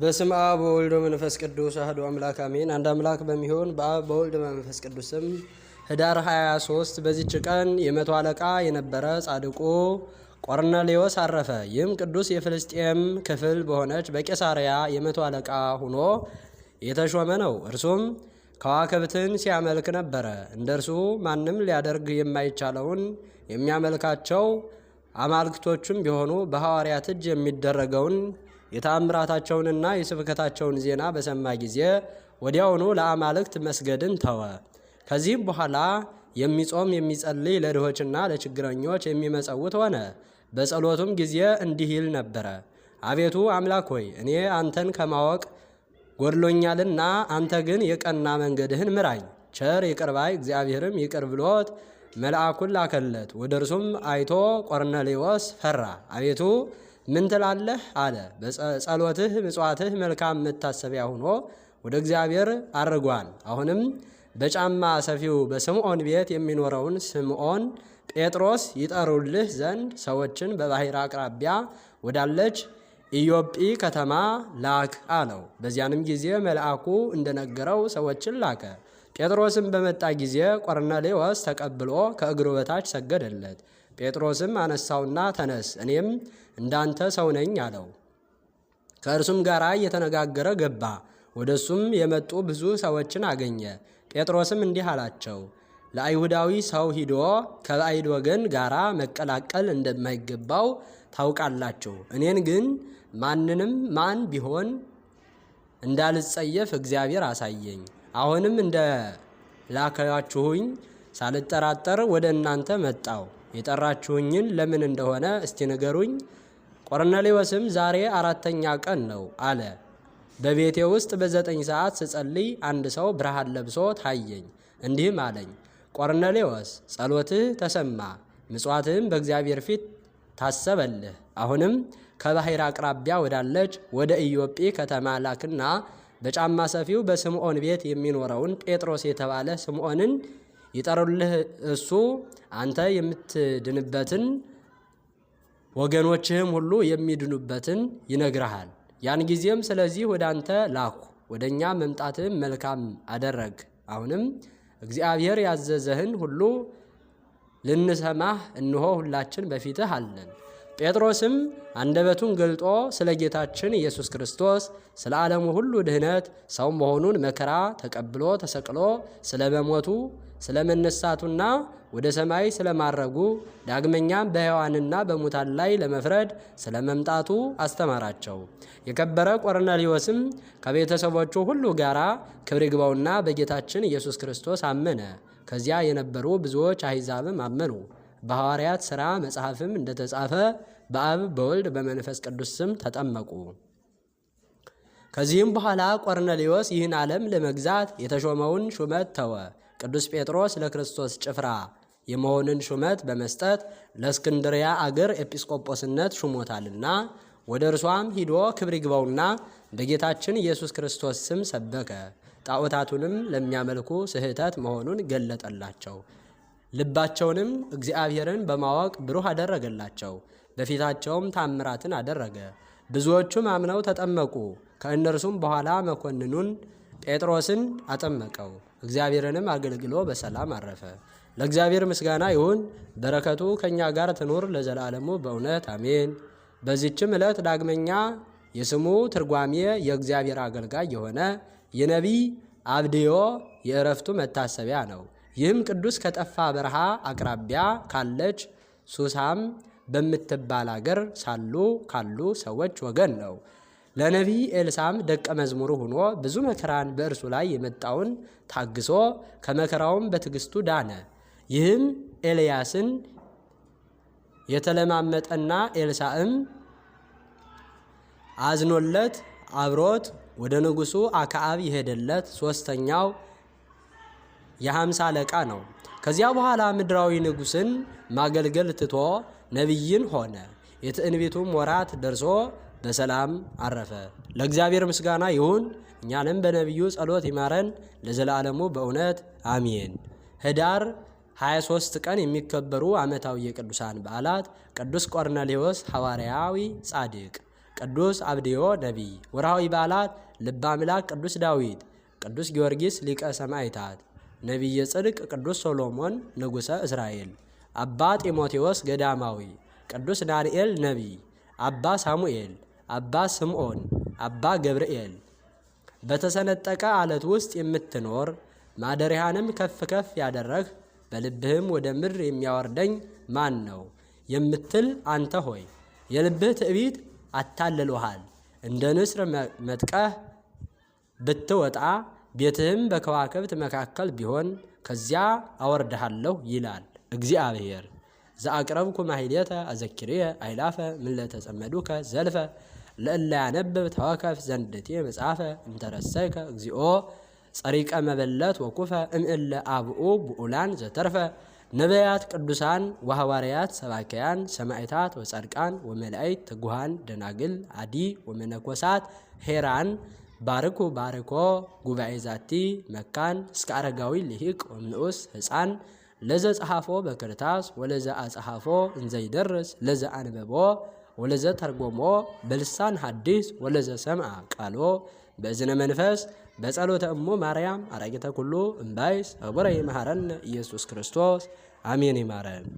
በስም አብ በወልድ መንፈስ ቅዱስ አህዶ አምላክ አሜን። አንድ አምላክ በሚሆን በአብ በወልድ መንፈስ ቅዱስም ህዳር 23 በዚች ቀን የመቶ አለቃ የነበረ ጻድቁ ቆርኔሌዎስ አረፈ። ይህም ቅዱስ የፍልስጤም ክፍል በሆነች በቄሳርያ የመቶ አለቃ ሆኖ የተሾመ ነው። እርሱም ከዋክብትን ሲያመልክ ነበረ። እንደ እርሱ ማንም ሊያደርግ የማይቻለውን የሚያመልካቸው አማልክቶቹም ቢሆኑ በሐዋርያት እጅ የሚደረገውን የተአምራታቸውንና የስብከታቸውን ዜና በሰማ ጊዜ ወዲያውኑ ለአማልክት መስገድን ተወ። ከዚህም በኋላ የሚጾም የሚጸልይ፣ ለድሆችና ለችግረኞች የሚመጸውት ሆነ። በጸሎቱም ጊዜ እንዲህ ይል ነበረ። አቤቱ አምላክ ሆይ እኔ አንተን ከማወቅ ጎድሎኛልና አንተ ግን የቀና መንገድህን ምራኝ። ቸር ይቅርባይ እግዚአብሔርም ይቅር ብሎት መልአኩን ላከለት። ወደ እርሱም አይቶ ቆርኔሌዎስ ፈራ። አቤቱ ምን ትላለህ አለ። ጸሎትህ ምጽዋትህ መልካም መታሰቢያ ሆኖ ወደ እግዚአብሔር አድርጓል። አሁንም በጫማ ሰፊው በስምዖን ቤት የሚኖረውን ስምዖን ጴጥሮስ ይጠሩልህ ዘንድ ሰዎችን በባህር አቅራቢያ ወዳለች ኢዮጲ ከተማ ላክ አለው። በዚያንም ጊዜ መልአኩ እንደነገረው ሰዎችን ላከ። ጴጥሮስም በመጣ ጊዜ ቆርኔሌዎስ ተቀብሎ ከእግሩ በታች ሰገደለት። ጴጥሮስም አነሳውና ተነስ፣ እኔም እንዳንተ ሰው ነኝ አለው። ከእርሱም ጋር እየተነጋገረ ገባ። ወደ እሱም የመጡ ብዙ ሰዎችን አገኘ። ጴጥሮስም እንዲህ አላቸው፣ ለአይሁዳዊ ሰው ሂዶ ከአይድ ወገን ጋር መቀላቀል እንደማይገባው ታውቃላችሁ። እኔን ግን ማንንም ማን ቢሆን እንዳልጸየፍ እግዚአብሔር አሳየኝ። አሁንም እንደ ላከችሁኝ ሳልጠራጠር ወደ እናንተ መጣው። የጠራችሁኝን ለምን እንደሆነ እስቲ ንገሩኝ። ቆርኔሌዎስም ዛሬ አራተኛ ቀን ነው አለ። በቤቴ ውስጥ በዘጠኝ ሰዓት ስጸልይ አንድ ሰው ብርሃን ለብሶ ታየኝ። እንዲህም አለኝ፣ ቆርኔሌዎስ ጸሎትህ ተሰማ፣ ምጽዋትህም በእግዚአብሔር ፊት ታሰበልህ። አሁንም ከባሕር አቅራቢያ ወዳለች ወደ ኢዮጴ ከተማ ላክና በጫማ ሰፊው በስምዖን ቤት የሚኖረውን ጴጥሮስ የተባለ ስምዖንን ይጠሩልህ እሱ አንተ የምትድንበትን ወገኖችህም ሁሉ የሚድኑበትን ይነግረሃል። ያን ጊዜም ስለዚህ ወደ አንተ ላኩ፣ ወደ እኛ መምጣትህም መልካም አደረግ። አሁንም እግዚአብሔር ያዘዘህን ሁሉ ልንሰማህ እንሆ ሁላችን በፊትህ አለን። ጴጥሮስም አንደበቱን ገልጦ ስለ ጌታችን ኢየሱስ ክርስቶስ ስለ ዓለሙ ሁሉ ድህነት ሰው መሆኑን መከራ ተቀብሎ ተሰቅሎ ስለ መሞቱ ስለ መነሳቱና ወደ ሰማይ ስለ ማረጉ ዳግመኛም በሕያዋንና በሙታን ላይ ለመፍረድ ስለ መምጣቱ አስተማራቸው። የከበረ ቆርኔሊዮስም ከቤተሰቦቹ ሁሉ ጋር ክብር ይግባውና በጌታችን ኢየሱስ ክርስቶስ አመነ። ከዚያ የነበሩ ብዙዎች አሕዛብም አመኑ። በሐዋርያት ሥራ መጽሐፍም እንደተጻፈ በአብ በወልድ በመንፈስ ቅዱስ ስም ተጠመቁ። ከዚህም በኋላ ቆርኔሌዎስ ይህን ዓለም ለመግዛት የተሾመውን ሹመት ተወ። ቅዱስ ጴጥሮስ ለክርስቶስ ጭፍራ የመሆንን ሹመት በመስጠት ለእስክንድሪያ አገር ኤጲስቆጶስነት ሹሞታልና ወደ እርሷም ሂዶ ክብር ይግባውና በጌታችን ኢየሱስ ክርስቶስ ስም ሰበከ። ጣዖታቱንም ለሚያመልኩ ስህተት መሆኑን ገለጠላቸው። ልባቸውንም እግዚአብሔርን በማወቅ ብሩህ አደረገላቸው። በፊታቸውም ታምራትን አደረገ። ብዙዎቹም አምነው ተጠመቁ። ከእነርሱም በኋላ መኮንኑን ጴጥሮስን አጠመቀው። እግዚአብሔርንም አገልግሎ በሰላም አረፈ። ለእግዚአብሔር ምስጋና ይሁን፣ በረከቱ ከእኛ ጋር ትኑር ለዘላለሙ በእውነት አሜን። በዚችም ዕለት ዳግመኛ የስሙ ትርጓሜ የእግዚአብሔር አገልጋይ የሆነ የነቢይ አብድዮ የእረፍቱ መታሰቢያ ነው። ይህም ቅዱስ ከጠፋ በረሃ አቅራቢያ ካለች ሱሳም በምትባል አገር ሳሉ ካሉ ሰዎች ወገን ነው። ለነቢይ ኤልሳም ደቀ መዝሙሩ ሆኖ ብዙ መከራን በእርሱ ላይ የመጣውን ታግሶ ከመከራውም በትዕግስቱ ዳነ። ይህም ኤልያስን የተለማመጠና ኤልሳዕም አዝኖለት አብሮት ወደ ንጉሱ አክዓብ የሄደለት ሦስተኛው የሃምሳ አለቃ ነው። ከዚያ በኋላ ምድራዊ ንጉሥን ማገልገል ትቶ ነቢይን ሆነ። የትዕንቢቱም ወራት ደርሶ በሰላም አረፈ። ለእግዚአብሔር ምስጋና ይሁን። እኛንም በነቢዩ ጸሎት ይማረን ለዘላለሙ በእውነት አሚን። ህዳር 23 ቀን የሚከበሩ ዓመታዊ የቅዱሳን በዓላት ቅዱስ ቆርኔሌዎስ ሐዋርያዊ ጻድቅ፣ ቅዱስ አብድዮ ነቢይ። ወርሃዊ በዓላት ልበ አምላክ ቅዱስ ዳዊት፣ ቅዱስ ጊዮርጊስ ሊቀ ሰማዕታት ነቢየ ጽድቅ ቅዱስ ሶሎሞን ንጉሠ እስራኤል፣ አባ ጢሞቴዎስ ገዳማዊ፣ ቅዱስ ዳንኤል ነቢይ፣ አባ ሳሙኤል፣ አባ ስምዖን፣ አባ ገብርኤል። በተሰነጠቀ ዓለት ውስጥ የምትኖር ማደሪያንም ከፍ ከፍ ያደረግህ በልብህም ወደ ምድር የሚያወርደኝ ማን ነው የምትል አንተ ሆይ የልብህ ትዕቢት አታልሎሃል። እንደ ንስር መጥቀህ ብትወጣ ቤትህም በከዋክብት መካከል ቢሆን ከዚያ አወርድሃለሁ ይላል እግዚአብሔር። ዘአቅረብኩ ማሕሌተ አዘኪርየ አይላፈ ምለተጸመዱከ ዘልፈ ለእላ ያነብብ ተወከፍ ዘንድቴ መጽሐፈ እንተረሰይከ እግዚኦ ጸሪቀ መበለት ወኩፈ እምእለ አብኡ ብኡላን ዘተርፈ ነቢያት ቅዱሳን ወሐዋርያት ሰባኪያን ሰማዕታት ወጻድቃን ወመላእክት ትጉሃን ደናግል አዲ ወመነኮሳት ሄራን ባርኩ ባርኮ ጉባኤ ዛቲ መካን እስከ አረጋዊ ልሂቅ ወምንዑስ ህፃን ለዘ ጸሐፎ በክርታስ ወለዘ አጸሐፎ እንዘይደርስ ለዘ አንበቦ ወለዘ ተርጎሞ በልሳን ሐዲስ ወለዘ ሰምዐ ቃሎ በእዝነ መንፈስ በጸሎተ እሙ ማርያም አራቂተ ኩሉ እምባይስ አቡራይ መሐረነ ኢየሱስ ክርስቶስ አሜን ይማረን።